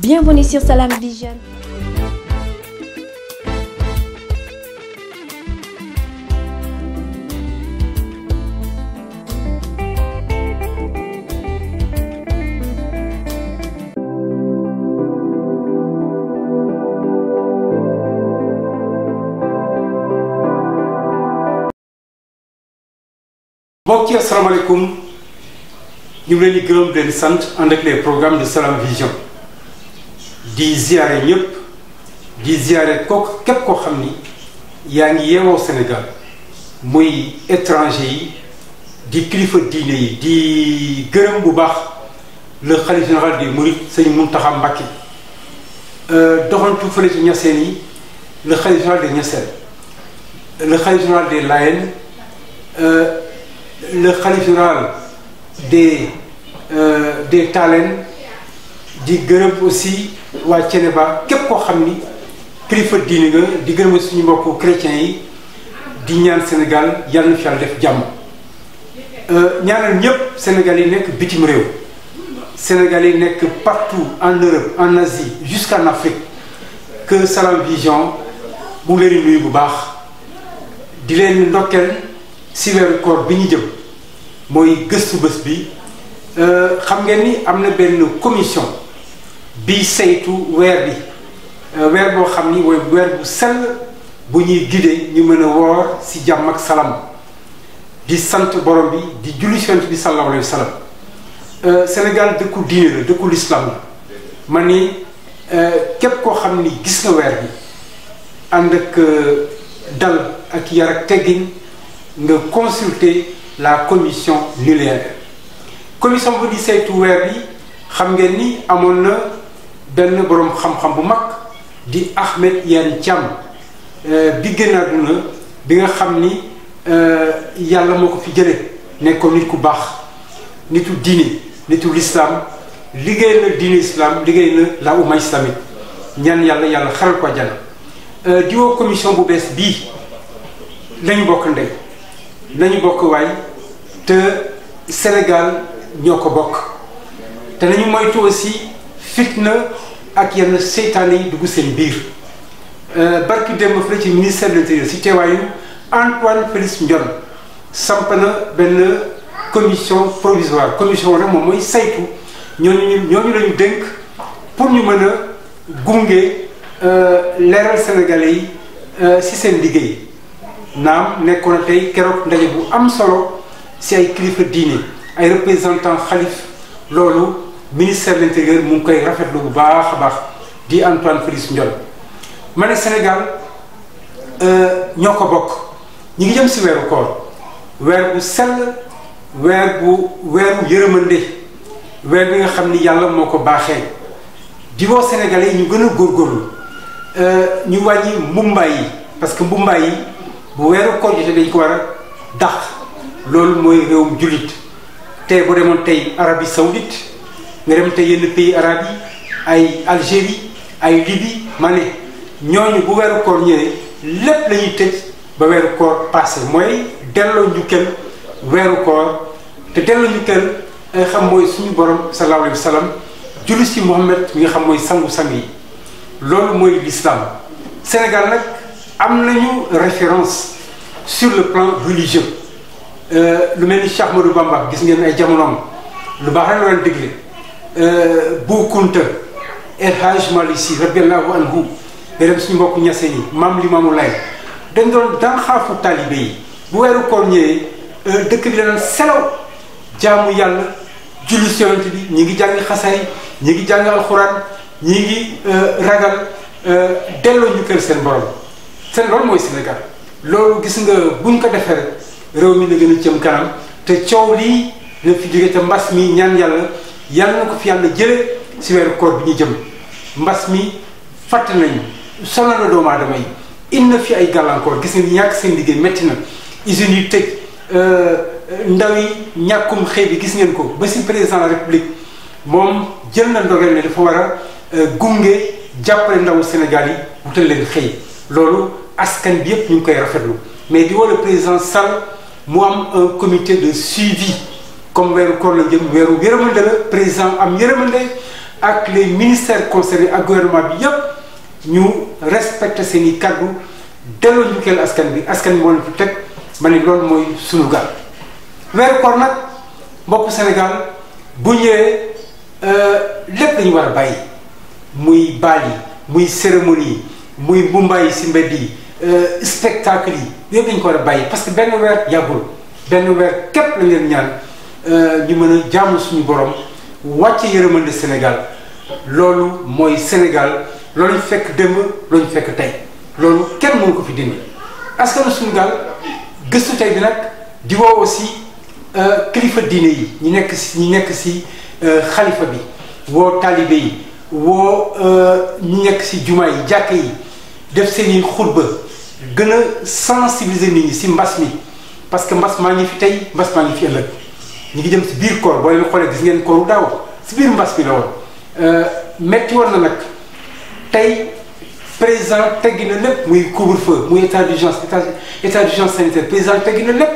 Bienvenue sur Salam Vision. mbokk yi asalaamaaleykum ñu ngi leen di gërëm di leen sant ànd ak les programmes de Salam Vision. di ziare ñëpp di ziare kooku képp koo xam ni yaa ngi yeewoo Sénégal muy étranger yi di kilifa diine yi di gërëm bu baax le khalife général des mourides sëñ Mountakha Mbacké euh, doxantu fële ci Niassène yi le khalife général des Niassène le khalife général des Layène euh, le khalife général des euh, des di gërëm aussi waa Thiénaba képp koo xam ni kilifa diine nga di gërëm suñu mbokku chrétiens yi di ñaan Sénégal yàlla na fi yàlla def jàmm euh, ñaanal ñëpp Sénégal yi nekk bitim réew Sénégal yi nekk partout en Europe en Asie jusqu'en Afrique que Salam Vision mu ngi leen bu baax di leen ndokkeel si weeru koor bi ñu jëm mooy gëstu bés bi euh, xam ngeen ni am na benn commission bi saytu weer bi euh, weer boo xam ni mooy weer bu sell bu ñuy gide ñu mën a woor si jàmm ak salam di sant borom bi di julli si bi sallallahu alayhi euh, dëkku diine la dëkku lislaam euh, képp koo xam ni gis na weer bi ànd ak dal ak yar ak teggin nga consulter la commission lunaire commission bu di saytu weer bi xam ngeen ni amoon na benn boroom xam-xam bu mag di Ahmed Yan Thiam euh, bi gën a àdduna bi nga xam ni euh, yàlla moo ko fi jële nekkoon nit ku baax nitu diini nitu lislaam liggéey na diini islam liggéey na la umma islamique ñaan yàlla yàlla xaral ko àjjana euh, di woo bu bees bii lañu bokk ndey nañu bokk waay te Sénégal ñoo ko bokk te nañu moytu aussi fitna ak yenn seytaane yi dugg seen biir euh, barki démb fële ci ministère de l'intérieur si teewaayu Antoine Félix Ndione samp na benn commission provisoire commission rek moom mooy saytu ñooñu ñooñu lañu dénk pour ñu mën a gunge euh, leeral sénégalais yi si euh, seen liggéey naam nekkoon na tey keroog ndaje bu am solo si ay kilifa diine ay représentant xalif loolu ministère de l'intérieur mu ngi koy rafetlu bu baax a baax di Antoine Félix Ndiol ma ne Sénégal euh, ñoo ko bokk ñi ngi jëm si weeru koor weer bu sell weer bu weeru yërëmande weer bi nga xam ni yàlla moo ko baaxee di woo sénégalais yi ñu gën a góorgóorlu euh, ñu wàññi mbumbaay yi parce que mbumbaay yi bu weeru koor jotee dañ ko war a dàq loolu mooy réewum jullit te bu demoon tey Arabie Saoudite nga dem te yenn pays arabes ay Algérie ay Libye ma ne ñooñu bu weeru koor ñëwee lépp la tëj ba weeru koor passé mooy delloo njukkal weeru koor te delloo njukkal ay xam mooy suñu borom sallallahu alayhi wa sallam julli si Muhammad mi nga xam mooy sangu-sang yi loolu mooy l'islam Sénégal nag am nañu référence sur le plan religieux euh, lu mel ni Cheikh Ahmadou Bamba gis ngeen ay jamonoom lu baax rek la doon Euh, Boukounta El Hadj Malick Sy radiallahu anhu béréb mbokk ñase yi maam Limaamu Laay dañ doon daan xaafu taalibe yi bu weeru koor ñëwee euh, dëkk bi danaan selaw jaamu yàlla julli si Yonent bi ñi ngi jàng xasaay ñu ngi jàng alxuraan ñi ngi euh, ragal delloo ñu kër seen borom seen loolu mooy Sénégal loolu gis nga buñ ko defee réew mi na gën a jëm kanam te coow lii na fi jóge te mbas mi ñaan yàlla yàlla na ko fi yàlla jële si weeru bi ñu jëm mbas mi fàtt nañu sonal na doomu aadama yi indi na fi ay gàllankoor gis nga ñàkk seen liggéey métti na usines yu tëj euh, euh, ndaw yi ñàkkum xëy bi gis ngeen ko ba si président de la république moom jël na ndogeel ne dafa war a euh, gunge jàppale ndawu Sénégal yi wutal leen xëy loolu askan bi yëpp ñu ngi koy rafetlu mais di wala président Sall mu am un comité de suivi comme weeru koor la jëm weeru yërëmande la président am yërëmande ak les ministères concernés ak gouvernement bi yëpp ñu respecte seen i kaddu delloo njukkal askan bi askan bi moo leen fi ma ne loolu mooy sunu gaal weeru koor nag mbokku Sénégal bu ñëwee euh, lépp lañu war a bàyyi muy baal yi muy cérémonie yi muy mbumbaay yi si mbedd yi euh, spectacle yi yëpp dañu ko war a bàyyi parce que benn weer yàggul benn weer képp lañ leen ñaan Euh, ñu mën a jàmm suñu borom wàcc yërëmande Sénégal loolu mooy Sénégal loolu ñu fekk démb loolu ñu fekk tey loolu kenn mënu ko fi dindi askanu suñu gaal gëstu tey bi nag di woo aussi euh, kilifa diine yi ñu nekk si ñu nekk si euh, xalifa bi woo taalibe yi woo ñu nekk si jumaa yi jàkk yi def seeni xutba gën a sensibiliser nit ñi si mbas mi parce que mbas maa ngi fi tey mbas maa ngi fi ëllëg ñu ngi jëm si biir koor boo leen xoolee gis ngeen kooru daaw si biir mbas bi la woon euh, metti na nag tey président teggi na lépp muy couvre-feu muy état d'urgence état d'urgence sanitaire président teggi na lépp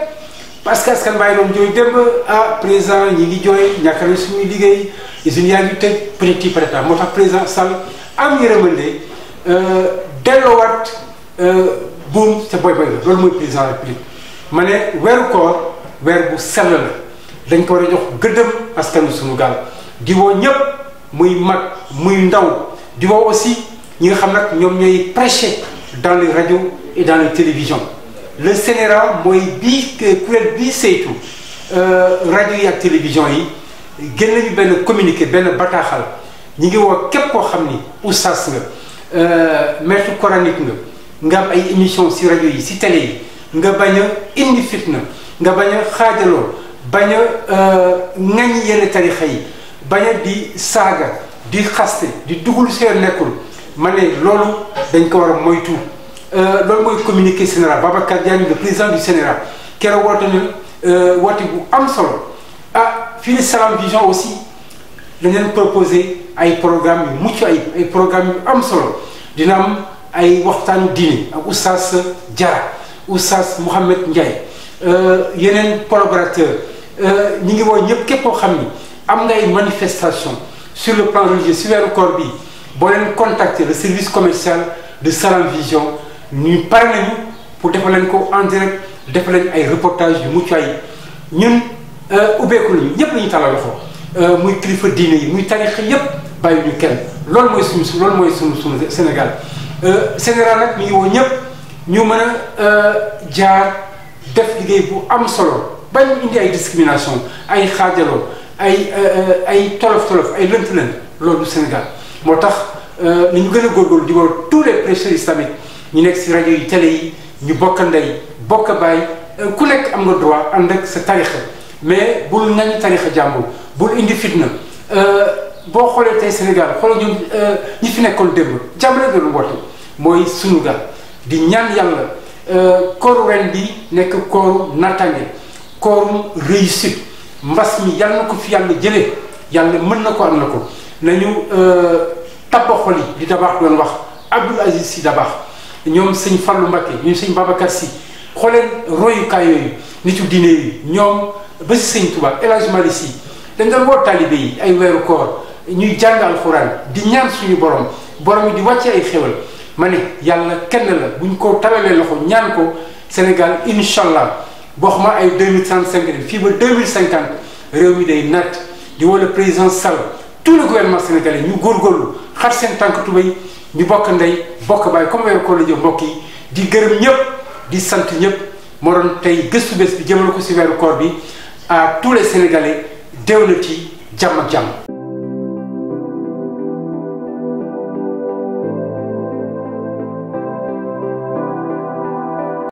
parce que askan bàyyi doon jooy démb ah président ñi ngi jooy ñàkk na suñuy liggéey usines yaa ngi tëj petit par moo tax président Sall am yërëmande euh, delloowaat euh, buum sa boy boy la loolu mooy président république ma ne wer koor weer bu sell la dañ ko war a jox gëddëm askanu suñu gaal di woo ñëpp muy mag muy ndaw di aussi ñi nga xam nag ñoom ñooy prêcher dans les radios et dans les télévisions le CNRA mooy bii euh, kuréel bii saytu euh, rajo yi ak télévision yi génn nañu benn communiqué benn bataaxal ñi ngi woo képp koo xam ni oustaz nga euh, maître coranique nga nga am ay émission si rajo yi si télé yi nga bañ a indi fitna nga bañ a xaajaloo bañ a euh, ŋañ yenn tarixa yi bañ a di saaga di xaste di dugul seen nekkul ma ne loolu dañ ko war a moytu euh, loolu mooy communiquer communiqué général Babacar Diagne le président du Sénégal keroog woote na euh, woote bu am solo ah fii la Salam Vision aussi dangeen leen proposé ay programme yu mucc ay ay programme yu am solo dina am ay waxtaanu diine ak oustaz Diarra oustaz Mouhamed Ndiaye yeneen collaborateur Euh, ñu ngi woo ñëpp képp koo xam ni am ngay manifestation sur le plan religieux si weeru koor bi boo leen contacter le service commercial de Salam Vision ñu pare nañu pour defal leen ko en direct defal leen ay reportage yu mucc ayib ñun euh, ubbeeku nañu ñëpp la ñu talal loxo euh, muy kilifa diine yi muy tarix yépp bàyyi ñu kenn loolu mooy suñu su mooy suñu suñu Sénégal Sénégal nag mi ngi woo ñëpp ñu mën a jaar def liggéey bu am solo. bañ indi ay discrimination ay xaajaloo ay euh, ay tolof tolof ay lënt lënt loolu Sénégal moo tax euh, ni ñu gën a góorgóorlu di woo tous les prêcheurs islamiques ñu nekk si rajo yi télé yi ñu bokka ndey bokk baay euh, ku nekk am nga droit ànd ak sa tarixa mais bul nañu tarixa jàmbur bul indi fitna boo xoolee tey Sénégal xoolal ñu ñi fi nekkoon démb jàmm la doon woote mooy sunu gaal di ñaan yàlla kooru ren bi nekk kooru nattaange. koorum réussite mbas mi yàlla na ko fi yàlla jëlee yàlla mën na ko am na ko nañu euh, tabaxol yi di dabaax doon wax Abdoul Aziz Sy Dabakh ñoom sëñ Fallou Mbacké ñoom sëñ Babacar Sy xooleen royukaay nitu diine yi ñoom ba si sëñ Touba El Hadj Malick Sy dañ doon yi ay weeru koor ñuy jàng alxuraan di ñaan suñu borom borom yi di wàcce ay xéwal ma ne yàlla kenn la buñ ko talalee loxo ñaan ko Sénégal incha allah boo xam ay deux mille trente cinq fii ba deux mille cinquante réew mi day natt di wala président Sall tout le gouvernement sénégalais ñu góorgóorlu xar seen tànk tubéy ñu bokk ndey bokk baay comme weeru koor la jëm mbokk yi di gërëm ñëpp di sant ñëpp moo tey gëstu bés bi jëmale ko si weeru koor bi à tous les sénégalais déw na ci jàmm ak jàmm.